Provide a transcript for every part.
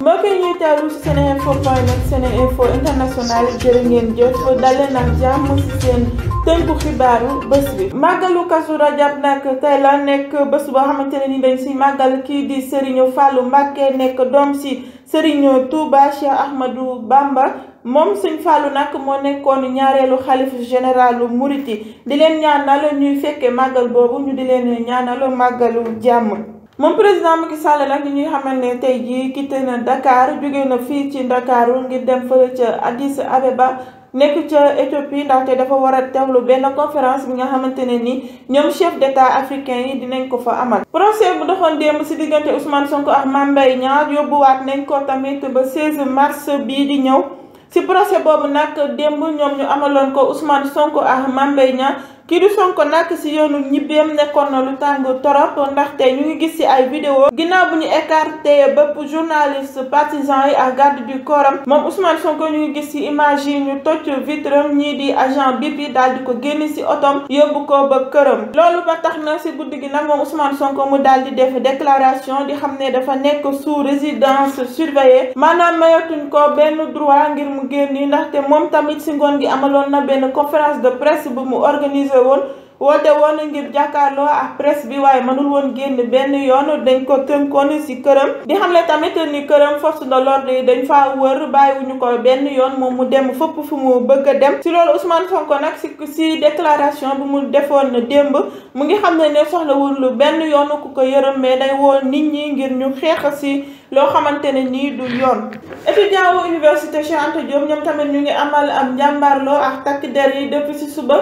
mbokk yi ñuy teewlu ci seneinfo point net seneinfo international jërë ngeen jëf daleen ak jàmm ci seen tënku xibaaru bés bi màggalu Kazu Rajab nag tey la nekk bés boo xamante ne ni dañ màggal kii di Serigne Fallou Mbacké nekk doom ci Serigne Touba Cheikh Ahmadou Bamba moom Sëñ Fallou nag moo nekkoon ñaareelu xalif généralu Muriti di leen ñaanal ñuy fekkee màggal boobu ñu di leen ñaanal màggalu jàmm moom président Macky Sall nag ñi ñuy xamal ne tey jii quitté na Dakar jóge na fii ci Ndakaaru ngir dem fële ca Addis Abeba nekk ca Éthiopie ndaxte dafa war a teewlu benn conférence bi nga xamante ne nii ñoom chef d'état africain yi dinañ ko fa amal. procès bu doxoon démb si diggante Ousmane Sonko ak Mame Mbaye Niang yóbbuwaat nañ ko tamit ba 16 mars bii di ñëw si procès boobu nag démb ñoom ñu amaloon ko Ousmane Sonko ak Mame Mbaye Niang kii di Sonko nak si yoonu ñibbeem nekkoon na lu tàng torop ndaxte ñu ngi gis ci ay vidéo ginnaaw bu ñu écarté bépp journaliste partisan yi ak garde du corps am moom Ousmane Sonko ñu ngi gis ci image yi ñu toj vitram ñii di agent bip yi daal di ko génn ci otom yóbbu ko ba këram loolu ba tax na ci guddi gi nag moom Ousmane mu daal di def déclaration di xam ne dafa nekk sous résidence surveillée maanaam mayatuñ ko benn droit ngir mu génn ndaxte moom tamit ci ngoon gi amaloon na benn conférence de presse bu mu organiser woon woote woon ngir jàkkaarloo ak presse bi waaye mënul woon génn benn yoon dañ ko tënkoon si këram di xamle tamit ni këram force de l'ordre yi dañ faa wër ñu ko benn yoon moom mu dem fëpp fu mu bëgg dem ci loolu Ousmane Sonko nag si si déclaration bi mu defoon démb mu ngi xam ne ne soxlawul lu benn yoon ku ko yërëm mais day woo nit ñi ngir ñu xeex si loo xamante ne nii du yoon étudiant wu université Cheikh Anta Diop ñoom tamit ñu ngi amal am njàmbaarloo ak takk der yi si suba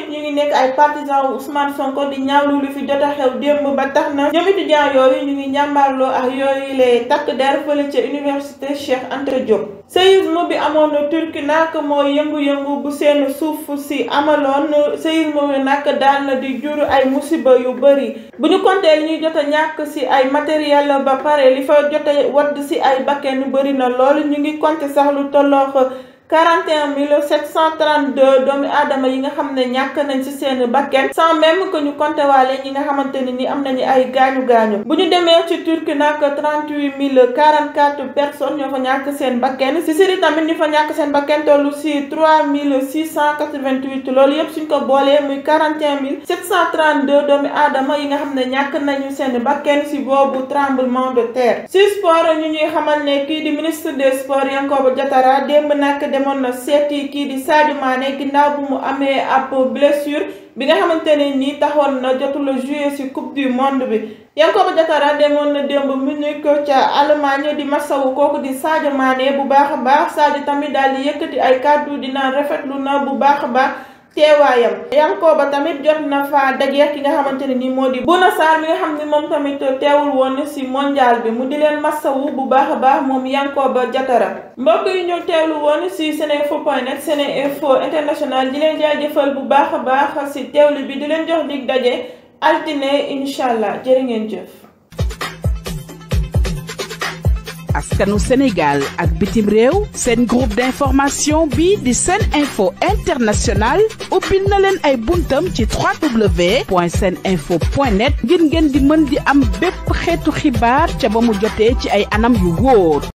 it ñu ngi nekk ay partisans wu Ousmane Sonko di ñaawlu lu fi jot a ba tax na ñoom étudiants yooyu ñu ngi njàmbaarloo ak yooyu lay takk der fële ca université Cheikh Anta Diop. séisme bi amoon na Turquie nak moo yëngu-yëngu bu seen suuf si amaloon séisme bi nak daal na di jur ay musiba yu bëri bu ñu compter li ñuy jot a ñàkk si ay matériel ba pare li fa jote a wadd si ay bakken bëri na lool ñu ngi compter sax lu tolloo 41 732 doomi aadama yi nga xam ne ñàkk nañ ci seen bakken sans même que ñu compté waale nga xamante ne ni am nañu ay gaañu gaañu bu ñu demee ci Turquie nag 38 044 personnes ñoo fa ñàkk seen bakken ci Syrie tamit ñu fa ñàkk seen bakken tollu ci 3 688 loolu yëpp suñ ko boolee muy 41 732 doomi aadama yi nga xam ne ñàkk nañu seen bakken ci boobu tremblement de terre ci sport ñu ñuy xamal ne kii di ministre des sports Yankhoba Diattara démb nag demoon na seeti kii di Sadio Mané ginnaaw bu mu amee ab blessure bi nga xamante ni nii taxoon na jotula jouer ci coupe du monde bi Yankhoba Diattara demoon na démb Munich ca Allemagne di masawu kooku di Sadio Mané bu baax a baax Sadio tamit daal di yëkkati ay kàddu dina lu naa bu baax a baax teewaayam ba tamit jot na fa dajeex ki nga xamante ne nii moo di Bouna Sarr mi nga xam ne moom tamit teewul woon si mondial bi mu di leen massawu bu baax a baax moom ba Diatara mbokk yi ñëw teewlu woon si seneinfo point net seneinfo international di leen jaajëfal bu baax a baax si teewlu bi di leen jox dig daje altine incha allah jërë ngeen jëf askanu Sénégal ak bitim réew seen groupe d'information bi di seen info international ubbil na leen ay buntam ci www point seen info point net ngir ngeen di mën di am bépp xeetu xibaar ca ba mu jotee ci ay anam yu wóor